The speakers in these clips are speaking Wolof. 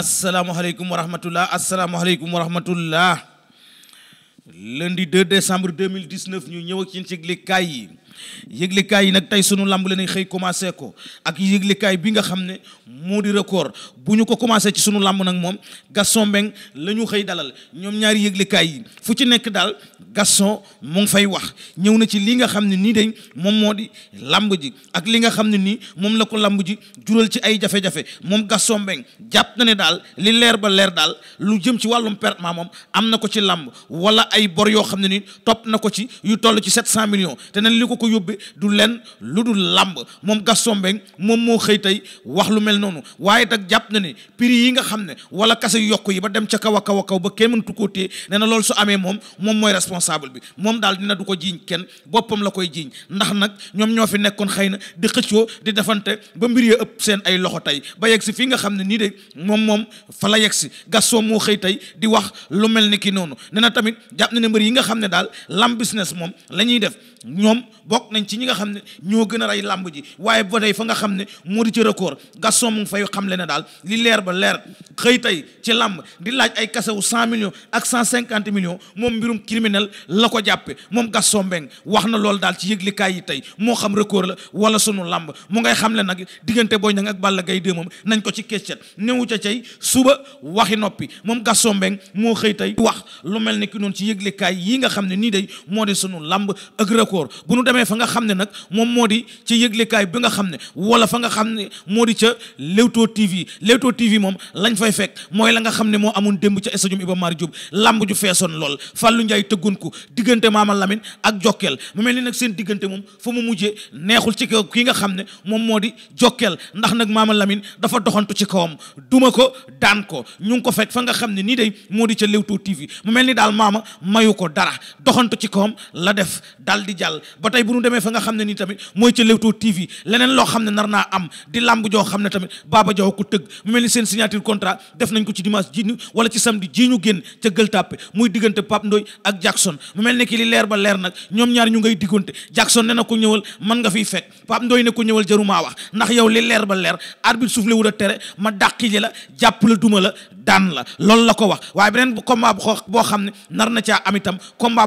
asalaamaaleykum wa rahmatullah asalaamaaleykum wa rahmatullah lundi 2 décembre 2019 ñu ñëw ak yéen ci yëglekaay yi yëglekaay yi nag tey sunu lamb leen xëy commencé ko ak yëglikaay bi nga xam ne moo di record bu ñu ko commencé ci sunu làmb nag moom Gaston Mbengue la ñu xëy dalal ñoom ñaari yëglekaay yi fu ci nekk daal Gaston mu ngi fay wax ñëw na ci li nga xam ne nii dañ moom moo di lamb ji ak li nga xam ne nii moom la ko lamb ji jural ci ay jafe-jafe moom Gaston Mbengue jàpp na ne daal li leer ba leer daal lu jëm ci wàllum perte moom am na ko ci lamb wala ay bor yoo xam ne nii topp na ko ci yu toll ci 700 millions te yóbbee du lenn lu dul làmb moom Gaston Mbengue moom moo xëy tey wax lu mel noonu waaye nag jàpp na ne prix yi nga xam ne wala kase yokk yi ba dem ca kaw a kaw a kaw ba kenn mënatu koo téye nee na loolu su amee moom moom mooy responsable bi moom daal dina du ko jiiñ kenn boppam la koy jiiñ ndax nag ñoom ñoo fi nekkoon xëy na di di defante ba mbir ëpp seen ay loxo tey ba yegg si fii nga xam ne nii de moom moom fa la yegg si Gaston moo xëy tey di wax lu mel ni ki noonu nee na tamit jàpp na ne mbir yi nga xam ne daal lamb business moom la ñuy def ñoom bokk nañ ci ñi nga xam ne ñoo gën a rey làmb ji waaye boo tey fa nga xam ne moo di ci record gaston mu ngi fay xam le ne daal li leer ba leer xëy tey ci làmb di laaj ay kasewu cent millions ak cent cinquante millions moom mbirum criminel la ko jàppe moom gaston mbeng wax na loolu daal ci yëglikaay yi tey moo xam record la wala sunu làmb mu ngay xam le nag diggante Boy Niang ak Balla Gaye 2 moom nañ ko ci keccet newu ca cay suba waxi noppi moom gaston mbeng moo xëy tey wax lu mel ne ki noonu ci yëglikaay yi nga xam ne nii day moo di sunu làmb ak record bu nu demee fa nga xam ne nag moom moo di ci yëglekaay bi nga xam ne wala fa nga xam ne moo di ca Leewtoo TV Leewtoo TV moom lañ fay fekk mooy la nga xam ne moo amoon demb ca stadium Iba Mar Diop làmb ju feesoon lool Fallou Ndiaye tëggoon ko diggante Maama lamin ak Jokkel mu mel ni nag seen diggante moom foo mu mujjee neexul ci kaw ki nga xam ne moom moo di Jokkel ndax nag Maama lamin dafa doxantu ci kawam duma ko daan ko ñu ngi ko fekk fa nga xam ne nii day moo di ca Leewtoo TV mu mel ni daal maama mayu ko dara doxantu ci kawam la def dal di jàll bu demee fa nga xam ne nii tamit mooy ca Leewtoo TV leneen loo xam ne nar naa am di làmb joo xam ne tamit Baba Jaw ko tëgg mu mel ni seen signature contrat def nañ ko ci dimanche ji wala ci samedi jii ñu génn ca Gueule Tapée muy diggante Pape ndoy ak Jackson mu mel ne ki li leer ba leer nag ñoom ñaar ñu ngay diggante Jackson ne na ko ñëwal man nga fiy fekk Pape Ndoye ne ko ñëwal jarumaa wax ndax yow li leer ba leer arbitre soufflé wu a tere ma dàqi la jàpp la duma la daan la loolu la ko wax waaye beneen combat boo xam ne nar na caa am itam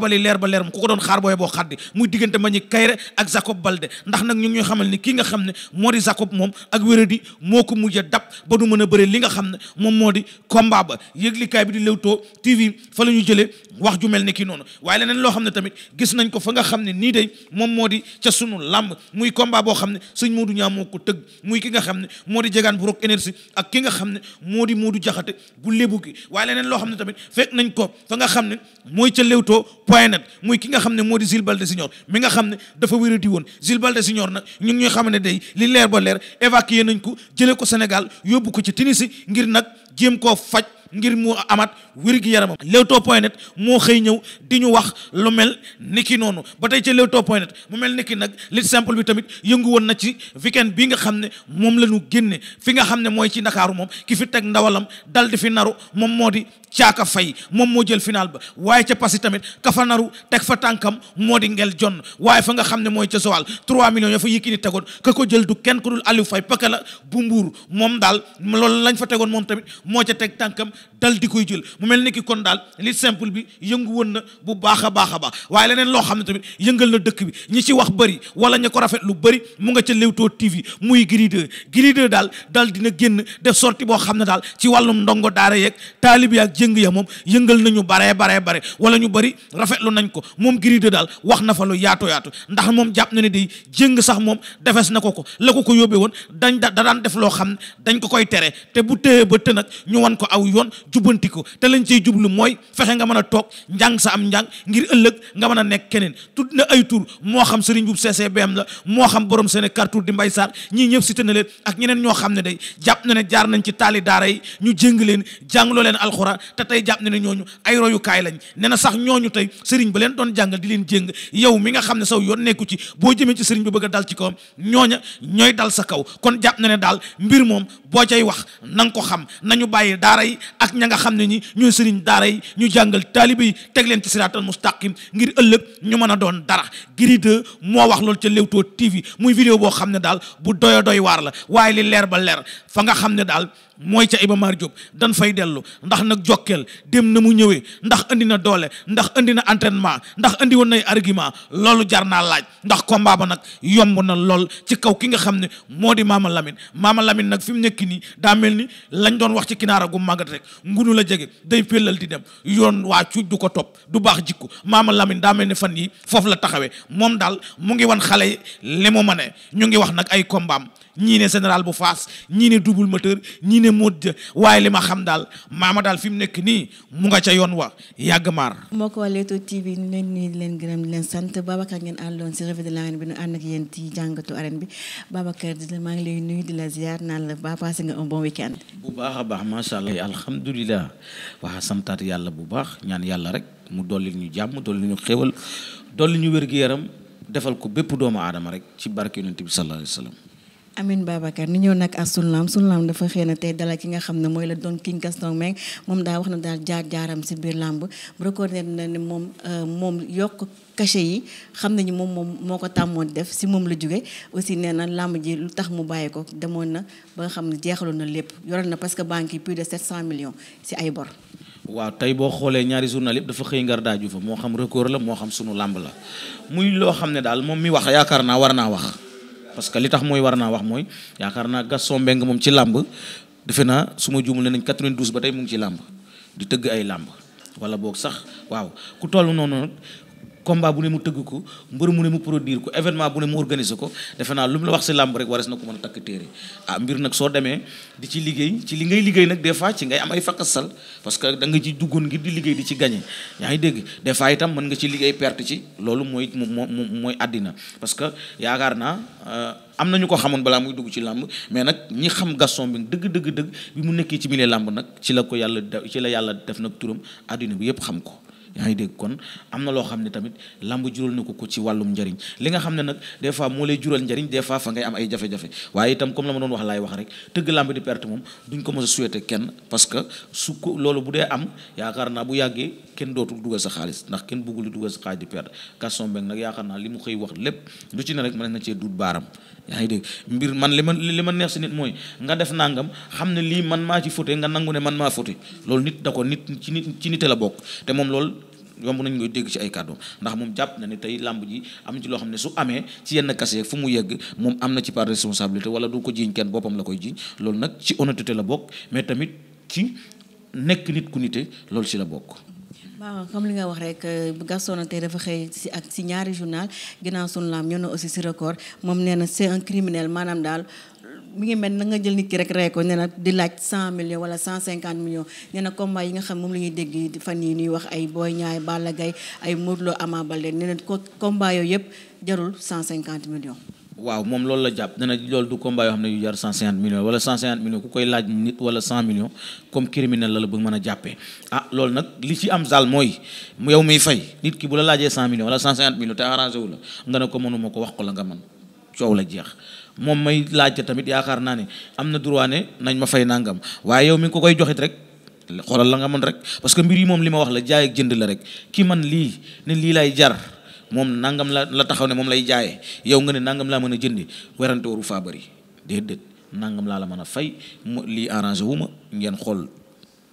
ba li leer ba leer mu ku ko doon xaar booy boo xaddi muy diggante ma ñi kayre ak Jacob Balde ndax nag ñoo ngi xamal ni kii nga xam ne moo di Jacob moom ak wéradi moo ko mujj a dab ba du mën a bëre li nga xam ne moom moo di combat ba yëglikaay bi di Leewtoo TV fa la ñu jëlee wax ju mel ni kii noonu waaye leneen loo xam ne tamit gis nañ ko fa nga xam ne nii day moom moo di ca sunu làmb muy combat boo xam ne suñ Modou ñaa moo ko tëgg muy ki nga xam ne moo di jegaan bu énergie ak ki nga xam ne moo di Modou Jaxate bu léebu gi waaye leen loo xam ne tamit fekk nañ ko fa nga xam ne mooy ca Leewtoo point net muy ki nga xam ne moo di Jules Baldé Junior mi nga xam ne dafa wérati woon Jules Baldé Junior nag ñun ñuy xam ne day li leer ba leer évacué nañ ko jëlee ko Sénégal yóbbu ko ci Tunisie ngir nag jéem koo faj ngir mu amaat wér gi yaramam Leewtoo moo xëy ñëw di ñu wax lu mel ni ki noonu ba tey ci Leewtoo mu mel ni ki nag lit simple bi tamit yëngu woon na ci weekend bi nga xam ne moom la ñu génne fi nga xam ne mooy ci ndakaaru moom ki fi teg ndawalam dal di fi naru moom moo di caaka fay moom moo jël final ba waaye ca pasi tamit ka fa naru teg fa tànkam moo di ngel jonn waaye fa nga xam ne mooy ca sowal trois millions ya fa Yékini tegoon ka ko jël du kenn ku dul Aliou Faye paka la bu mbuur moom daal loolu lañ fa tegoon moom tamit moo ca teg tànkam dal di koy jël mu mel ni ki kon daal li simple bi yëngu woon na bu baax a baax a baax waaye leneen loo xam ne tamit yëngal na dëkk bi ñi ci wax bëri wala ña ko rafet lu bëri mu nga ca Leewtoo TV muy Gris 2 Gris daal dal dina génn def sortie boo xam ne daal ci wàllum ndongo daara yeeg taalib yaak jëng ya moom yëngal nañu baree baree bare wala ñu bëri rafetlu nañ ko moom Gris daal wax na fa lu yaatu yaatu ndax moom jàpp na ne day jëng sax moom defes na ko ko la ko ko woon dañ da daan def loo xam ne dañ ko koy tere te bu téye ba nag ñu ko aw yoon jubbanti te lañ cey jublu mooy fexe nga mën a toog njàng sa am njàng ngir ëllëg nga mën a nekk keneen tudd na ay tur moo xam sëriñ Serigne Mboup CCBM la moo xam borom seen cartour di Mbay Sarr ñii ñëpp cité na leen ak ñeneen ñoo xam ne day jàpp na ne jaar nañ ci taali daara yi ñu jéng leen jàngloo leen alxuraan te tey jàpp na ne ñooñu ay royukaay lañ ne na sax ñooñu tey sëriñ ba leen doon jàngal di leen jéng yow mi nga xam ne saw yoon nekku ci boo jëmee ci sëriñ bi bëgg a dal ci kawam ñooña ñooy dal sa kaw kon jàpp na ne daal mbir moom boo cay wax na nga ko xam nañu bàyyi daara yi ak ña nga xam ne ñi ñooy sëriñ daara yi ñu jàngal taaliba yi teg leen ci siraatal mustaqim ngir ëllëg ñu mën a doon dara Gris 2 moo wax loolu ca Leewtoo TV muy vidéo boo xam ne daal bu doy doy waar la waaye li leer ba leer fa nga xam ne daal mooy ca Iba Mar Diop dan fay dellu ndax nag jokkeel dem na mu ñëwee ndax indi na doole ndax indi na entraînement ndax indi woon nay argument loolu jar naa laaj ndax combat ba nag yomb na lool ci kaw ki nga xam ne moo di Maama Lamine Maama lamin nag fi mu nekk nii daa mel ni lañ doon wax ci kinaara gu màggat rek ngunu la jege day pellal di dem yoon waa cuuj du ko topp du baax jikko Maama Lamine daa mel ni fan yi foofu la taxawee moom daal mu ngi wan xale yi li mu mën ñu ngi wax nag ay combat ñii ne général bu faas ñii ne double moteur ñii ne mode waaye li ma xam daal maama daal fi mu nekk nii mu nga ca yoon wa yàgg maar. moo ko Leewtoo TV ñu leen nuyu di leen gërëm leen sant Babacar ngeen àndoon si revue de l'arène bi ñu ànd ak yéen ci jàngatu arène bi Babacar di la maa ngi lay nuyu di la ziar naan la ba passé nga un bon week bu baax a baax macha allah alhamdulilah waa santaat yàlla bu baax ñaan yàlla rek mu dolli ñu jàmm dolli ñu xéwal dolli ñu wér-gu-yaram defal ko bépp doomu aadama rek ci barke yonent bi sallallahu alayhi Amin Babacar ni ñëw nag ak sunlaam sunlaam dafa xëy na tey dalal ki nga xam ne mooy la doon King Kastong Meng moom daa wax na daal jaar-jaaram si biir làmb reconnaître na ne moom euh, moom yokk cachet yi xam nañu moom moom moo ko tàmmoon def si moom la jóge aussi nee na làmb ji lu tax mu bàyyi ko demoon na ba nga xam ne jeexaloon na lépp yoroon na parce que banque yi plus de 700 millions bor. waaw tey boo xoolee ñaari journal yëpp dafa xëy ngar daaju fa moo xam record la moo xam sunu làmb la muy loo xam ne daal moom mi wax yaakaar naa war naa wax. parce que li tax mooy war naa wax mooy yaakaar naa Gaston Mbengue moom ci làmb defe naa su ma juumul ne nañ ba dey mu ngi ci làmb di tëgg ay làmb wala boog sax waaw ku toll noonu combat bu ne mu tëgg ko mbër mu ne mu produire ko bu ne mu organiser ko defe naa lu wax si làmb rek wares na ko mën a takk téere ah, soo demee di ci liggéey ci li ngay liggéey nag des fois ci ngay am ay fakasal parce que da nga ci duggoon ngir di liggéey di ci gagné yaa ngi dégg des fois itam mën nga ci liggéey perte ci loolu mooy moo mooy àddina parce que yaakaar naa euh, am na ñu ko xamoon balaa muy dugg ci làmb mais nag ñi xam Gaston bi dëgg dëgg dëgg bi mu nekkee ci milieu làmb nag ci la ko yàlla ci la yàlla def nag turam àddina bi yëpp xam ko yaa ngi dégg kon am na loo xam ne tamit lamb jural na ko ko ci wàllum njariñ li nga xam ne nag des fois moo lay jural njariñ des fois fa ngay am ay jafe-jafe waaye itam comme la ma doon wax laay wax rek tëgg lamb di perte moom duñ ko mos a souhaité kenn parce que su ko loolu bu dee am yaakaar naa bu yàggee kenn dootul dugal sa xaalis ndax kenn bëggul dugal sa xaalis di perte Gaston Mbengue nag yaakaar naa li mu xëy wax lépp du ci ne rek mën na cee duut baaram yaa ngi dégg mbir man li ma li ma neex si nit mooy nga def nangam xam ne lii man maa ci fóote nga nangu ne man maa fóote loolu nit da ko nit ci nit ci la bokk te moom loolu yomb nañ koy dégg ci ay kàddoom jàpp na ne tey làmb ji am ci loo xam ne su amee ci yenn kase fu mu yegg moom am na ci part responsabilité wala du ko jiiñ kenn boppam la koy jiiñ loolu nag ci honnêteté la bokk mais tamit ci nekk nit ku nite loolu si la bokk waaw comme li nga wax rek euh, Gaston tey dafa xëy si ak si ñaari journal ginnaaw sunu laam ñëw na aussi si record moom nee na c'est un criminel maanaam daal mi ngi mel na nga jël nit ki rek rey ko nee na di laaj cent millions wala cent cinquante millions nee na combat yi nga xam moom la ñuy dégg fan yi ñuy wax ay Boy Niang Balla Gaye ay Modou Lo Ama Baldé nee na ko combat yooyu yëpp jarul cent cinquante millions waaw moom loolu la jàpp dana loolu du combat yoo xam ne yu jar 150 millions wala 150 millions ku koy laaj nit wala 100 millions comme criminel la la bëgg mën a jàppee ah loolu nag li ci am daal mooy yow miy fay nit ki bu la laajee 100 millions wala 150 millions te arrangé wu la nga ne ko mënuma ko wax ko la nga mën coow la jeex moom may laajte tamit yaakaar naa ne am na droit ne nañ ma fay nangam waaye yow mi ngi ko koy joxit rek xoolal la nga mën rek parce que mbir yi moom li ma wax la jaay jënd la rek ki man lii ne lii lay jar. moom nangam la la taxaw ne moom lay jaayee yow nga ne nangam laa mën a jëndi werante waru faa bëri déedéet nangam laa la mën a fay mu lii arrangé wu ma ngeen xool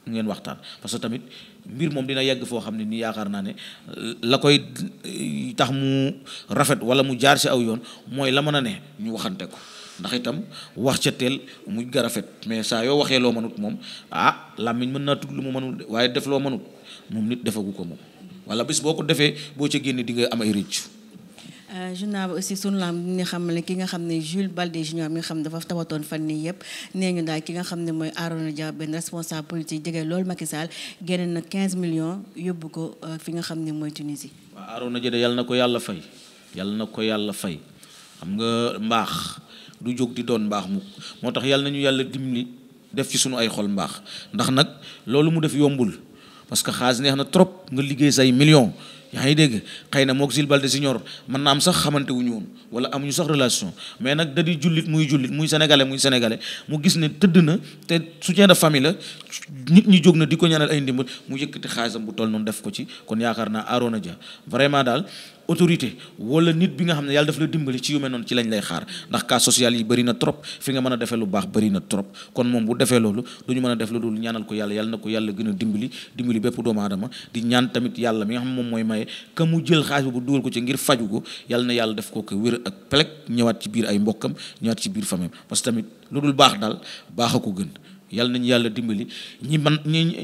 ngeen waxtaan parce que tamit mbir moom dina yegg foo xam ne nii yaakaar naa ne la koy eh, tax mu rafet wala mu jaar si aw yoon mooy la mën a ne ñu waxante ko ndax itam wax ca teel mu ga rafet mais saa yoo waxee loo mënut moom ah làmmiñ mën naa tudd lu mu mënul waaye def loo mënut moom nit defagu ko moom wala bis boo ko defee boo ca génne di nga am ay rëccu. Euh, journal bi aussi sunu ni xam ne ki nga xam ne Jules Baldé junior mi nga xam ne dafa tawatoon fan nii yëpp nee ñu daal ki nga xam ne mooy Arouna Dia benn responsable politique jege loolu Macky Sall génne na 15 millions yóbbu ko euh, fi nga xam ne mooy Tunisie. waaw Arouna Dia de yàlla na ko yàlla fay yàlla na ko yàlla fay xam nga mbaax du jóg di doon mbaax mukk moo tax yàlla nañu yàlla dimbali def ci sunu ay xol mbaax ndax nag loolu mu def yombul. parce que xaas neex na trop nga liggéey say million yaa ngi dégg xëy na mook Jules Baldé Junior mën na am sax xamantewuñu wu ñu woon wala amuñu sax relation mais nag da di jullit muy jullit muy sénégalais muy sénégalais mu gis ne tëdd na te soutien de famille nit ñi jóg na di ko ñaanal ay ndimbal mu yëkkati xaalisam bu toll noonu def ko ci kon yaakaar naa Arona Dia vraiment daal autorité wala nit bi nga xam ne yàlla dafa la dimbali ci yu mel noonu ci lañ lay xaar ndax cas social yi na trop fi nga mën a defee lu baax bëri na trop kon moom bu loolu du ñu mën a def lu dul ñaanal ko yàlla yàlla na gën a dimbali dimbali bépp doomu aadama di ñaan tamit yàlla mi nga xam moom mooy maye ka mu jël xaalis bu dugal ko ci ngir faju ko yàlla na yàlla def ko ko wér ak pelek ñëwaat ci biir ay mbokkam ñëwaat ci biir famem parce que tamit lu dul baax daal baax a ko gën yàlla nañu yàlla dimbali ñi man ñi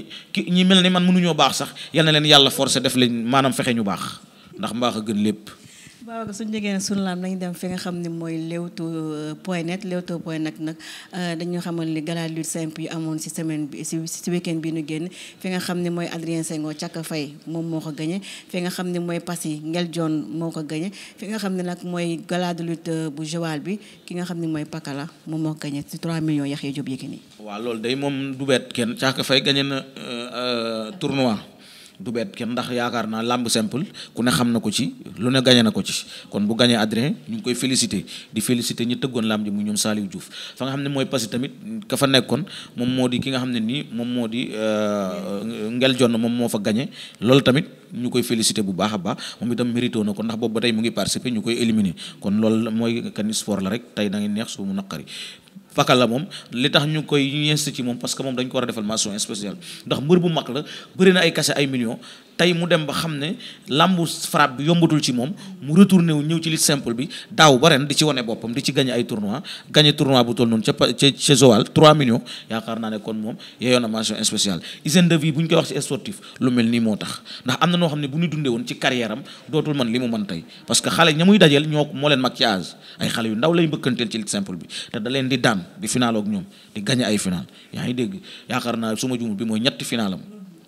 ñi mel ni man mënuñoo baax sax yàlla leen yàlla forcé def leen maanaam fexe ñu baax ndax mbaax a gën lépp. waaw suñu jógee nag sunu laam nañu dem fi nga xam ne mooy Leewtoo euh, point net Leewtoo point net nag euh, dañu xamal ni galaad lutte simple yu amoon si semaine bi si si week-end bi ñu génn fi nga xam ne mooy Adrien Senghor Caka Faye moom moo ko gagné fi nga xam ne mooy Passy Ngel John moo ko gagné fi nga xam ne nag mooy gala de euh, bu Joal bi ki nga xam ne mooy Pakala moom moo ko gagné si 3 millions Yaxya Jóob Yékini. waa loolu day moom du bet kenn Caka Faye gagné na tournoi. du beet kenn ndax yaakaar naa làmb simple ku ne xam na ko ci lu ne gañe na ko ci kon bu gañee Adrien ñu ngi koy félicité di félicité ñu tëggoon làmb ji mu ñoom Saliou Diouf fa nga xam ne mooy passé tamit ka fa nekkoon moom moo di ki nga xam ne nii moom moo di euh, ngel na moom moo fa gañe loolu tamit ñu koy félicité bu baax a baax moom itam mérité na ko ndax boobu ba tey mu ngi participé ñu koy éliminé kon loolu mooy kan sport la rek tey da ngay neex su mu naqari paka la moom li tax ñu koy ñu insisté ci moom parce que moom dañ ko war a defal mention spéciale ndax mbër bu mag la bëri na ay cachet ay millions tey mu dem ba xam ne lambu frappe bi yombatul ci moom mu retourné wu ñëw ci lutte simple bi daaw ba ren di ci wane boppam di ci gagné ay tournoi gagné tournoi bu toll noonu ca ca ca Joal 3 yaakaar naa ne kon moom yeyoon na mention spéciale hygiène bu ñu koy wax ci lu mel nii moo tax ndax am na noo xam ne bu ñu dundee ci carrière am dootul li mu mën tey parce que xale ña muy dajeel ñoo moo leen mag ci ay yu ndaw lay mbëkkanteel ci lutte bi da leen di daan di finaal ñoom di gagné ay final yaa ngi dégg yaakaar naa su ma jumul bi mooy ñetti finalam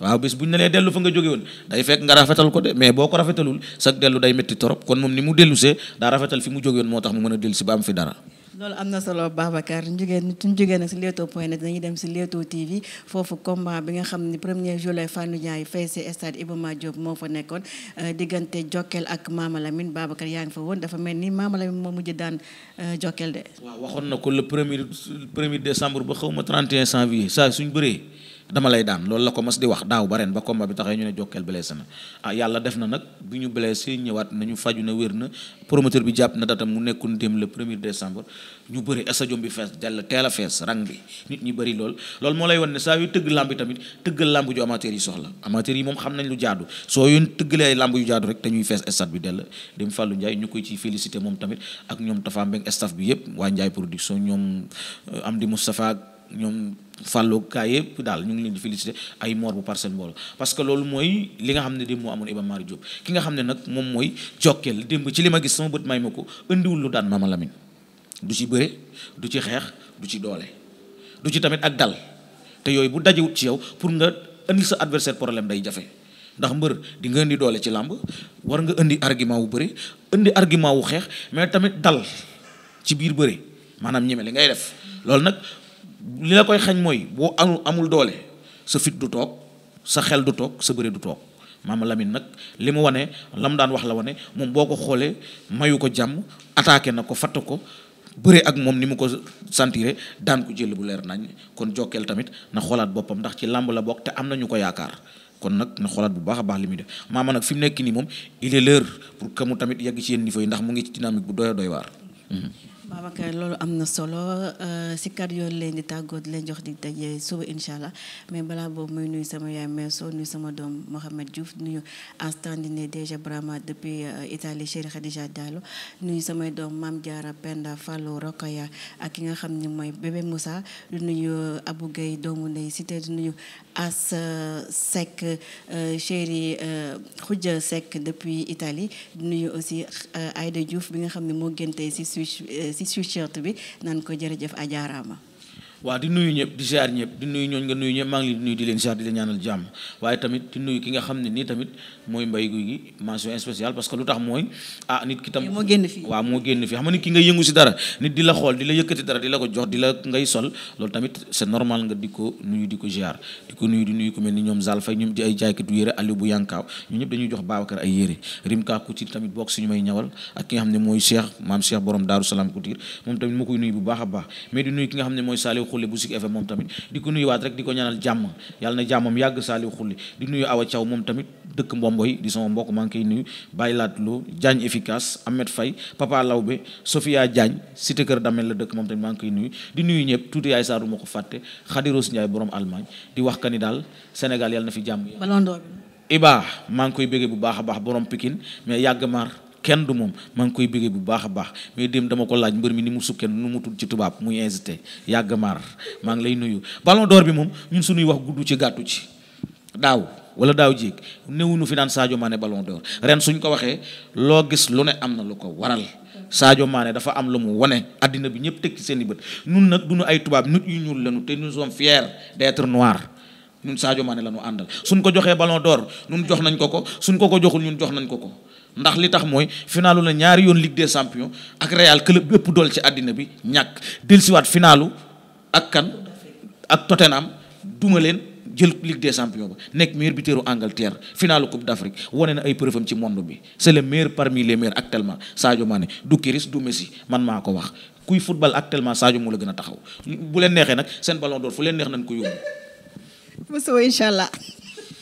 waaw bis bu ñu ne lee dellu fa nga jóge woon day fekk nga rafetal ko de mais boo ko rafetalul sag dellu day métti torop kon moom ni mu dellu see daa rafetal fi mu jóge woon moo tax mu mën a dellu si ba am fi dara loolu am na solo Babacar ñu jógee nag si Leewtoo dem si Leewtoo TV foofu combat bi nga xam ne premier juillet Fallou Ndiaye fay si stade Iba moo fa nekkoon euh, diggante Jokkel ak Mama Lamine Babacar yaa ngi fa woon dafa mel ni Mama Lamine moo daan euh, Jokkel waxoon na ko le premier premier décembre ba xaw ma 31 janvier saa suñ bëree. dama lay daan loolu la ko mas di wax daaw ba ren ba combat bi taxee ñu ne jokkeel blessé na ah yàlla def na nag bi ñu blessé ñëwaat nañu faju na wér na promoteur bi jàpp na datam mu nekkoon dem le premier décembre ñu bëri stadium bi fees dell teel a fees rang bi bëri lool loolu moo lay wan ne saa yu tëgg bi tamit tëggal lamb ju amateur yi soxla amateur yi moom xam nañ lu jaadu soo yu tëggalee lamb yu jaadu rek te ñuy fees stade bi dell dem Fallou Ndiaye ñu koy ci félicité moom tamit ak ñoom Tafa Mbeng staff bi yëpp waa Ndiaye production euh, am di Moustapha ñoom fàlloo kaa yëpp daal ñu ngi leen di féliciter ay mor bu parcelle mbooloo parce que loolu mooy li nga xam ne démb moo amoon Iba Mar Diop ki nga xam ne nag moom mooy jokkeel démb ci li ma gis sama bët may ma ko indiwul lu daan Mama Lamine du ci bëre du ci xeex du ci doole du ci tamit ak dal te yooyu bu dajewut ci yow pour nga indi sa adversaire problème day jafe ndax mbër di nga indi doole ci làmb war nga indi argument wu bëri indi argument wu xeex mais tamit dal ci biir bëri maanaam ñeme li ngay def loolu nag li la koy xañ mooy boo amul amul doole sa fit du toog sa xel du toog sa bëre du toog maama Lamine nag li mu wane lam daan wax la wane moom boo ko xoolee mayu ko jàmm attaqué na ko fatt ko bëre ak moom ni mu ko sentiré daan ko jël bu leer nañ kon jokkeel tamit na xoolaat boppam ndax ci làmb la bokk te am na ñu ko yaakaar kon nag na xoolaat bu baax a baax li muy def maama nag fi mu nekk nii moom il est pour que mu tamit yegg ci yenn niveau yi ndax mu ngi ci dynamique bu doy doy waar. Babacar loolu am na solo euh, si kàddu yoon leen di tàggoo leen jox di daje suba incha allah mais balaa boobu mooy nuyu sama yaay Meeso nuyu sama doom Mohamed Diouf nuyu Astandine déjà Brahma depuis euh, Italie Chéri Khadija Diallo nuyu samay doom Mame Diarra Penda Fallou Rokhaya ak ki nga xam ne mooy bébé Moussa du nuyu euh, Abou Gueye doomu ndey cité du Seck Chéri Khoudia Seck depuis itali du nuyu aussi Aïda Diouf bi nga xam ne moo gën tey si Suisse si sweatshirt bi naan ko jërëjëf ajaaraama waaw di nuyu ñëpp di ziar ñëpp di nuyu ñooñ nga nuyu ñëpp maa ngi leen di nuyu di tamit di nuyu lu tax mooy ah nit ki tam moo génn fii waaw moo génn fii xam nga nit ki nga yëngu si dara nit di ko jox di di ko nuyu di ko ziar di ko nuyu di nuyu ni ñoom Zal Fay ñoom di ay jaaykatu yére Aliou bu Yankaaw ñu ñëpp may ñawal ak ki nga xam ne mooy Cheikh maam Cheikh borom Daaru Salaam moom tamit moo koy nuyu bu baax a baax mais di nuyu ki nga xam ne mooy Saliou xulle bu Zik FM moom tamit di ko nuyuwaat rek di ko ñaanal jàmm yàlla na jàmmam yàgg saaliw xulle di nuyu Awa Thiaw moom tamit dëkk mbomboy di sama mbokk maa ngi koy nuyu Baye Latlou Diagne efficace Ahmed Faye Papa Lawbe Sophia Diagne cité Kër dëkk moom tamit maa ngi koy nuyu di nuyu ñëpp tuuti yaay saaru ma ko fàtte Khady Rose Ndiaye borom Allemagne di wax ka ni daal Sénégal yàlla na fi jàmm Iba maa ngi koy bëggee bu baax a baax borom Pikine mais yàgg maar kenn du moom maa ngi koy bëggee bu baax a baax mais dem dama ko laaj mbër mi ni mu sukkee nu mu tudd ci tubaab muy hésité yàgg maar maa ngi lay nuyu ballon d'or bi moom ñun suñuy wax gudd ci gàttu ci daaw wala daaw jéeg newunu fi naan Sadio Mané ballon d'or ren suñ ko waxee loo gis lu ne am na lu ko waral Sadio Mané dafa am lu mu wane addina bi ñëpp teg ci seen i bët nun nag duñu ay tubaab nut yu ñuul lañu te nous sommes fiers d'être noir ñun Sadio la ñu àndal suñ ko joxee ballon d'or ñun jox nañ ko ko suñ ko ko joxul ñun jox nañ ko ko ndax li tax mooy finaalu na ñaari yoon Ligue des champions ak Real club bépp dool ci àddina bi ñàkk dellusiwaat finaalu ak kan ak Tottenham duma leen jël Ligue des champions ba nekk meilleur buteuru Angleterre finaalu Coupe d'Afrique wane na ay preuve ci monde bi c'est le meilleur parmi les meilleurs actuellement Sadio Mané du Kiris du Messi man maa ko wax kuy football actuellement Sadio moo la gën a taxaw bu ko bu suba incha allah.